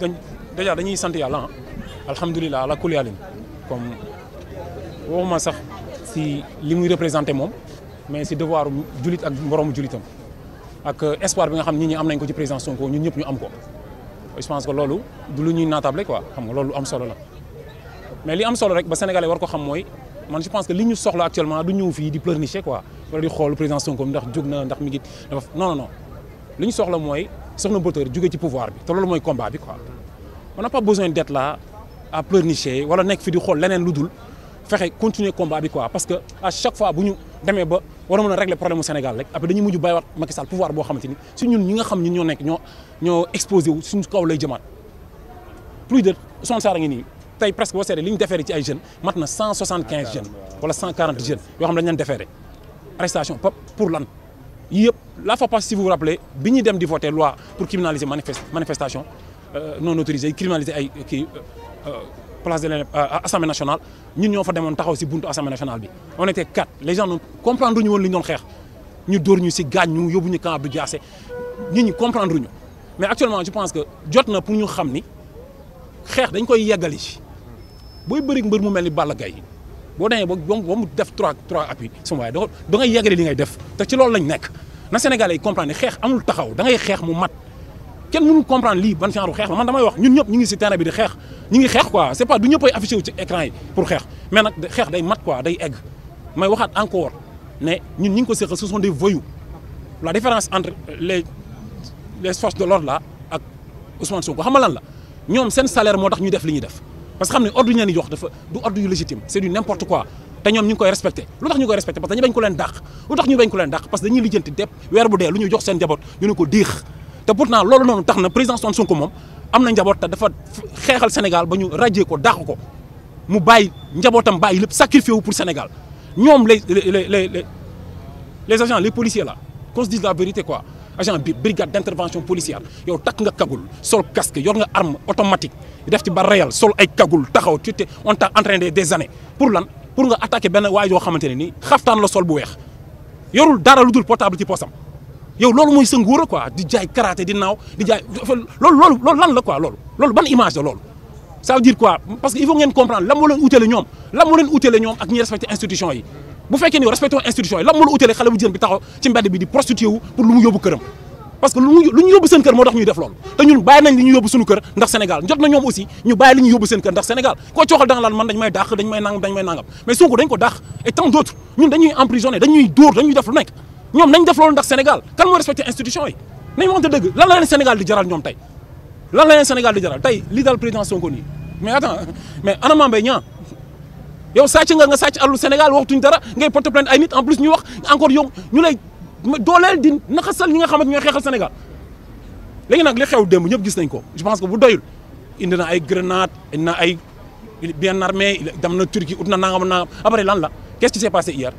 dañ déjà dañuy sant yàlla ah alhamdulilah ala kulli haalin comme waxuma sax si li muy représenté moom mais si devoir julit ak moroomu julitam ak euh, espoir bi nga xam nit ñi am nañ ko ci président Sonko ñu ñëpp ñu am ko. je pense que loolu lu ñuy naatable quoi xam nga loolu lu am solo la mais li am solo rek ba sénégalais war ko xam mooy man je pense que li ñu soxla actuellement du ñëw fii di pleurnicher quoi wala di xool président Sonko ndax jóg na ndax mi ngi li ñu soxla mooy. Soxna Mbotoor jóge ci pouvoir bi te loolu mooy combat bi quoi on n'a pas besoin d'être là à pleurnicher wala nekk fi di xool leneen lu dul fexe continuer combat bi quoi parce que à chaque fois bu ñu demee ba war a mën a régler problème mu Sénégal rek après dañuy mujj bàyyiwaat Macky Sall pouvoir boo xamante ni si ñun ñi nga xam ñun ñoo nekk ñoo ñoo exposé wu suñu kaw lay jëmaat plus de son saara ngi nii tey presque boo seetee li ñu defeere ci ay jeunes mat na cent soixante quinze jeunes wala cent quarante jeunes yoo xam dañ leen defeere pour lan yëpp la FAPAS si vous vous bi ñuy dem di voter loi pour criminaliser manifest manifestation euh, non autorisée criminaliser ay kii euh, euh, place de l' assemblée nationale ñun ñoo fa demoon taxaw si buntu assemblée nationale bi on était quatre les gens noonu comprendre ñu woon li ñu doon xeex ñu dóor ñu si gaañ ñu yóbbu ñu camp Abdou Diassé ñu ñu comprendre ñu mais actuellement je pense que jot na pour ñu xam ni xeex dañ koy yeggali booy bëri mbër mu mel ni Balla Gaye boo demee ba ba mu def trois trois appui su ma waaye da ngay yeggali li ngay def te ci loolu lañ nekk. na Sénégalais yi comprendre ne xeex amul taxaw da ngay xeex mu mat kenn mënul comprendre lii ban genre xeex la man damay wax ñun ñëpp ñu ngi si terrain bi di xeex ñu ngi xeex quoi c'est pas du ñëpp ay affiché wu ci écran yi pour xeex mais nag xeex day mat quoi day egg may waxaat encore ne ñun ñu ngi ko seqal ce sont des voyous la différence entre les les forces de l'ordre la ak Ousmane Sonko xam nga lan la ñoom seen salaire moo tax ñu def li ñuy def parce que xam ne ordre yi ñu leen di jox dafa du ordre quoi te ñoom ñu ngi koy respecté lu tax ñu koy respecté parce que dañu bañ ku leen dàq lu tax ñu bañ ku leen dàq parce que dañuy lijjanti dépp ne ko diix te pourtant loolu noonu tax na président Ousmane Sonko moom am njaboot te dafa xeexal Sénégal ba ñu rajee ko dàq ko mu bàyyi njabootam bàyyi lépp sacrifié wu pour Sénégal ñoom les le le les agents les policiers là qu'on se dise la vérité quoi agent bi brigade d'intervention policière yow tak nga kagul sol casque yor nga arme automatique def ci ba réel sol ay kagul taxaw ci te on t'a entraîné des années pour lan pour nga attaquer benn waay yoo xamante ne nii la sol bu weex yorul dara lu dul portable ci poosam yow loolu mooy sa nguur quoi di jaay karaté di naaw di jaay loolu loolu loolu lan la quoi loolu loolu ban image la loolu ça veut dire quoi parce que il faut ngeen comprendre lan moo leen utale ñoom lan moo leen utale ñoom ak ñi respecté institution yi bu fekkee ni yow respecté woon yi lan moo la utale xale bu bi taxaw ci mbedd bi di prostitué wu parce que lu lu ñu yóbbu seen kër moo tax ñuy def loolu te ñun bàyyi nañ li ñu yóbbu suñu kër ndax Sénégal jot na ñoom aussi ñu bàyyi li ñu yóbbu seen kër ndax Sénégal koo cooxal da nga laan man dañ may dàq dañ may nangam dañ may nangam mais Sonko dañ ko dàq et tant d'autres ñun dañuy emprisonné dañuy dóor dañuy def lu nekk ñoom nañ def loolu ndax Sénégal kan moo respecté institution yi nañ waxante dëgg lan la leen Sénégal di jaral ñoom tey lan la leen Sénégal di jaral tey li dal président Sonko nii mais attends mais ana Mame Mbaye Niang yow sàcc nga nga sàcc àllu Sénégal waxtuñ dara ngay porte plainte ay nit en plus ñu wax encore yow ñu lay dooleel di naxasal ñi nga xamante ñooy xeexal Sénégal léegi nag li xew démb ñëpp gis nañ ko je pense que bu doyul indi na ay grenade indi na ay bien armé dem na Turquie ut na nangam nangam après lan la qu'est-ce qui s'est passé hier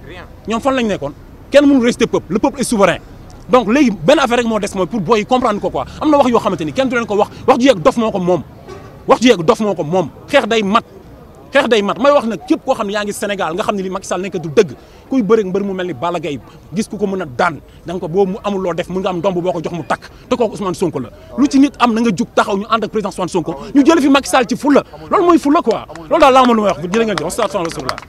ñoom fan lañ nekkoon kenn mun rester peuple le peuple est souverain donc léegi benn affaire rek moo des mooy pour booy comprendre ko quoi am na wax yoo xamante ni kenn du leen ko wax wax ju yeeg dof moo ko moom wax ju yeeg dof moo ko moom xeex day mat xeex day mat may wax nag képp koo xam ne yaa ngi Sénégal nga xam ne li Macky Sall nekk du dëgg kuy mbër mu mel ni Balla gis ku ko mën a daan da nga ko boobu mu amul loo def mën nga am ndomb boo ko jox mu takk te kooku Ousmane Sonko la lu ci nit am na nga taxaw ñu ànd président Ousmane Sonko ñu jële fi Macky ci fulla loolu mooy fulla quoi loolu daal laa mën a wax jërë ngeen jëf